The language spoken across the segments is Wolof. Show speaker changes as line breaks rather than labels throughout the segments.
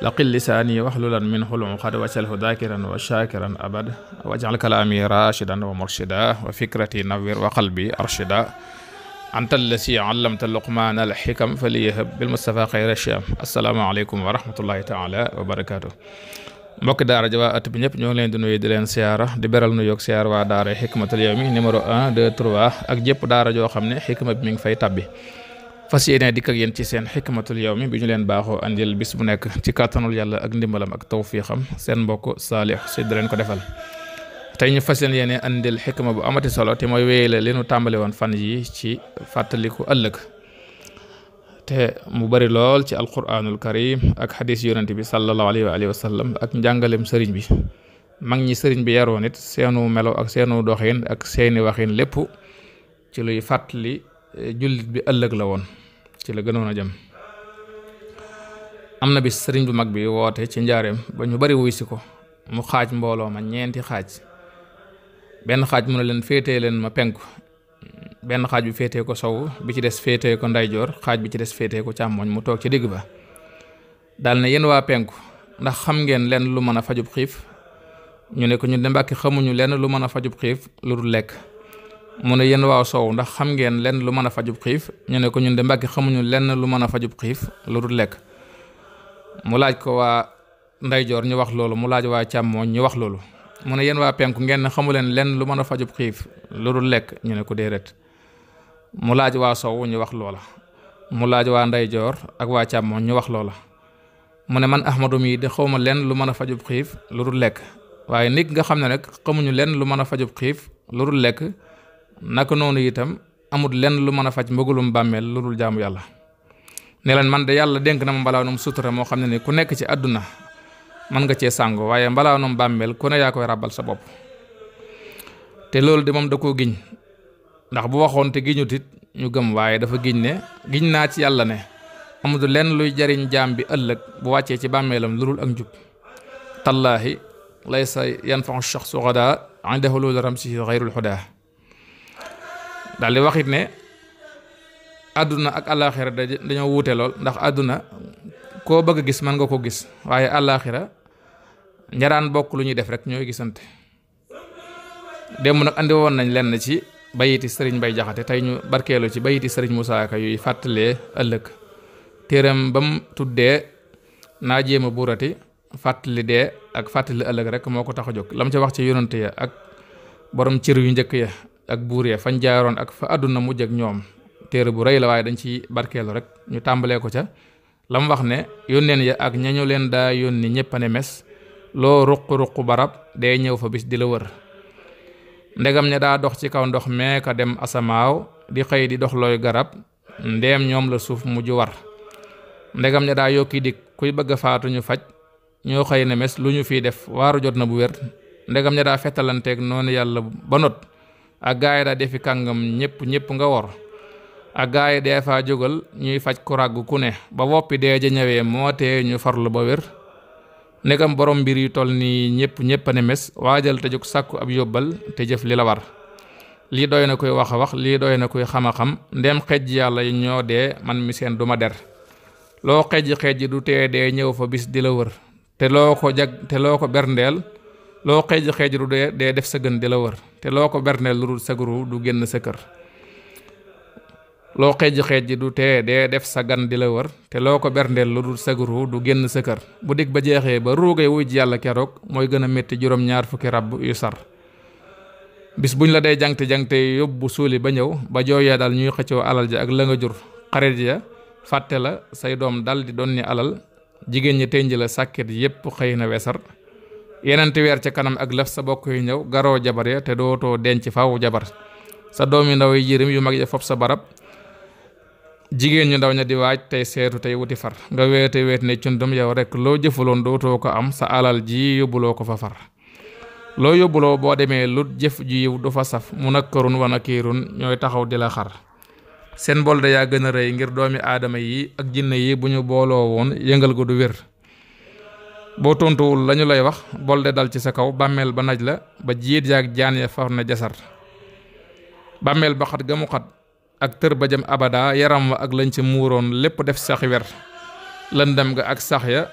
laqil lisaani waxlulan min xulum xad wajalhu dakiran wa shakiran abad wajal kalaami rashidan wa murshida wa fikrati nawir wa qalbi arshida anta allasi allamta luqmaana al xikam bil mustafa xayra sham asalaamaaleykum wa rahmatullahi taala wa barakaatu mbokki daara ji waa bi ñëpp ñoo ngi leen di nuyu di leen siyaara di beral nu yoog siyaar waa daara xikmatul yawmi numéro 1 2 ak jëpp daara joo xam ne xikma bi mi ngi fay tabbi fas yéene dikk ak yéen ci seen xikmatul yawmi bi ñu leen baaxoo andil bis bu nekk ci kàttanul yàlla ak ndimbalam ak tawfiixam seen mbokk Saliou Sy di leen ko defal tey ñu fas yéene andil xikma bu amati solo te mooy wéyale li nu tàmbali woon fan yi ci fàttaliku ëllëg te mu bari lool ci alquranul karim ak xadis yonent bi sallallahu alayhi wa alihi wa sallam ak njàngalem sëriñ bi mag ñi sëriñ bi yaroon it seenu melo ak seenu doxin ak seeni waxin lépp ci luy fàttali jullit bi ëllëg la woon ci la gënoon a jëm am na bis sëriñ bu mag bi woote ci njaareem ba ñu bari wuy ko mu xaaj mbooloo ma ñeenti xaaj benn xaaj mu ne leen féete leen ma penku benn xaaj bi féete ko sow bi ci des féete ko ndeyjoor xaaj bi ci des féete ko càmmooñ mu toog ci digg ba dal ne yéen waa penku ndax xam ngeen lenn lu mën a fajub xiif ñu ne ko ñu ne mbàkki xamuñu lenn lu mën a fajub xiif lu dul lekk mu ne yenn waa soow ndax xam ngeen lenn lu mën a fajub xiif ñu ne ko ñun de xamuñu lenn lu mën a fajub xiif lu dul lekk mu laaj ko waa ndeyjoor ñu wax loolu mu laaj waa càmmooñ ñu wax loolu mu ne yéen waa penku ngeen xamu leen lenn lu mën a fajub xiif lu dul lekk ñu ko déedéet mu laaj waa sow ñu wax loola mu laaj waa ndeyjoor ak waa càmmooñ ñu wax loola mu ne man ahmadu mii de xawma lenn lu mën a fajub xiif lu dul lekk waaye nit nga xam ne rek xamuñu lenn lu mën a fajub xiif lu dul lekk naka noonu itam amut lenn lu mën a faj mbëggalum bàmmeel lu dul jaamu yàlla ne leen man de yàlla dénk na ma mbalaanum sutura moo xam ne ni ku nekk ci àdduna mën nga cee sàngo waaye mbalaanum bàmmeel ku ne yaa koy ràbbal sa bopp te loolu de moom da koo giñ ndax bu waxoon te giñut it ñu gëm waaye dafa giñ ne giñ naa ci yàlla ne amut lenn luy jariñ jaam bi ëllëg bu wàccee ci bàmmeelam lu dul ak njub tallaahi sa yan shakhsu ghadan 'inda hulul ramsihi ghayrul huda daal di waxit ne àdduna ak àllaaxira dañoo wuute lool ndax àdduna koo bëgg gis mën nga ko gis waaye àllaaxira njaraan bokk lu ñuy def rek ñooy gisante démb nag andi woon nañ lenn ci bayiti sëriñ bay jaxate tey ñu barkeelu ci bayiti sëriñ Musaa Ka yuy fàttalee ëllëg téeram ba tuddee naa jéem a buurati fàttali dee ak fàttali ëllëg rek moo ko tax a jóg lam ci wax ci yonante ya ak boroom cër yu njëkk ya ak buur ya fañ jaaroon ak fa àdduna mujj ak ñoom téere bu rëy la waaye dañ ci barkeelu rek ñu tàmbalee ko ca lam wax ne yónneen ya ak ñañu leen daa yónni ñépp a ne mes loo ruq-ruq barab day ñëw fa bis di la wër ndegam ña daa dox ci kaw ndox mee ka dem asamaaw di xëy di dox looy garab ndeem ñoom la suuf mujj war ndegam ña daa yokki dik kuy bëgg a faatu ñu faj ñoo xëy ne mes lu ñu fiy def waaru jot na bu wér ndegam ña daa fettalanteeg noonu yàlla ak gaay daa defi kàngam ñëpp ñëpp nga wor a gaay yi dee faa jógal ñuy faj ku ràgg ku ne ba woppi dee ja ñëwee moo tee ñu farlu ba wér ndegam borom mbir yu toll nii ñëpp ñëpp a ne mes waajal te jóg sàkku ab yóbbal te jëf li la war lii doy na koy wax a wax lii doy na koy xam a xam ndem xejj yàlla yi ñoo dee man mi seen duma der loo xejj xejj du tee dee ñëw fa bis di la wër te loo ko jag te loo ko berndeel loo xeeji xeeji lu dee dee def sa gën di la wër te loo ko berneel lu dul sa du génn sa kër loo xeeji xeeji du tee dee def sa gan la wër te loo ko berndeel lu dul sa guru du génn sa kër bu dig ba jeexee ba ruugay wuy ji yàlla keroog mooy gën a métti juróom-ñaar fukki ràbb yu sar bis buñ la dee jangte jangte yóbbu suuli ba ñëw ba jooya daal ñuy xëccoo alal ji ak la jur xarit ya fàtte la say doom dal di doon ni alal jigéen ñi tenj la sàkket yépp xëy na wesar yenenti weer ci kanam ak lëf sa bokk yu ñëw garoo jabar ya te dootoo denc faw jabar sa doomi ndaw yi jirim yu mag ya fopp sa barab jigéen ñu ndaw ña di waaj tey seetu tey wuti far nga weete weet ne cundum yow rek loo jëfuloon dootoo ko am sa alal ji yóbbuloo ko fa far loo yóbbuloo boo demee lu jëf ji yiw du fa saf mu nakkarun wana nakiirun ñooy taxaw di la xar seen bolde yaa gën a rëy ngir doomi aadama yi ak jinne yi bu ñu booloo woon yëngal ko du wér boo tontuwul lañu lay wax bol de dal ci sa kaw bàmmeel ba naj la ba jiit ak jaan ya far na jasar bàmmeel ba xat ga mu xat ak tër ba jëm abada yaram wa ak lañ ci muuroon lépp def saxi wer lëndam ga ak sax ya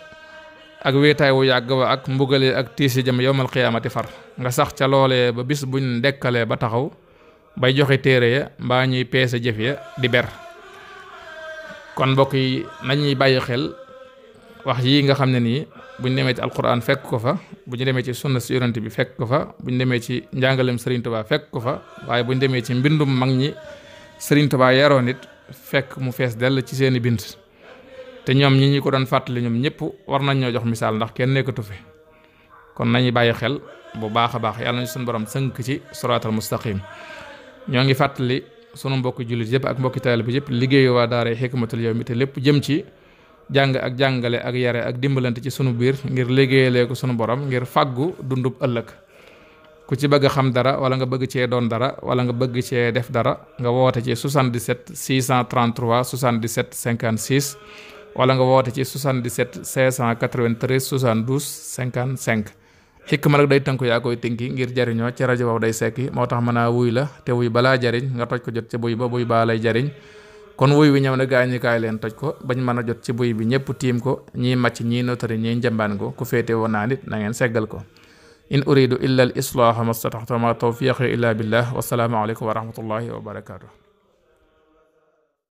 ak wéetaay wu yàgg wa ak mbugale ak tiis yi jëm yowmal xiyaamati far nga sax ca loolee ba bis buñ dekkalee ba taxaw bay joxe téere ya mbaa ñuy peese jëf ya di ber kon mbokk nañuy bàyyi xel wax yii nga xam ne nii bu ñu demee ci alquran fekk ko fa bu ñu demee ci sunna si yonent bi fekk ko fa bu ñu demee ci njàngaleem Serigne Touba fekk ko fa waaye bu ñu demee ci mbindum mag ñi Serigne Touba yaroon it fekk mu fees dell ci seeni bind te ñoom ñi ñu ko doon fàttali ñoom ñëpp war nañ ñoo jox misaal ndax kenn nekkatu fi kon nañu bàyyi xel bu baax a baax yàlla nañu suñu borom sënk ci siraatal mustaqim ñoo ngi fàttali sunu mbokki jullit yëpp ak mbokki taalibe bi yëpp waa daara Hikmatul Yawmi te lépp jëm ci jàng ak jàngale ak yare ak dimbalante ci sunu biir ngir liggéeyalee ko sunu borom ngir fàggu dundub ëllëg ku ci bëgg xam dara wala nga bëgg cee doon dara wala nga bëgg cee def dara nga woote ci 77 633 77 56 wala nga woote ci 77 693 72 55. xikma nag day tënku yaa koy tënki ngir jariñoo ci rajo boobu day sekki moo tax mën a wuy la te wuy balaa jariñ nga toj ko jot ca buy ba baa lay jariñ kon wuy wi ñëw na gaa kaay leen toj ko bañ mën a jot ci buy bi ñëpp tiim ko ñii màcc ñii notari ñii njambaan ko ku féete woon naa nit nangeen seggal ko in uridu illa a al islaaha mastataxtama tawfiqi illa billah wasalaamu aleykum wa rahmatullahi wa barakatuh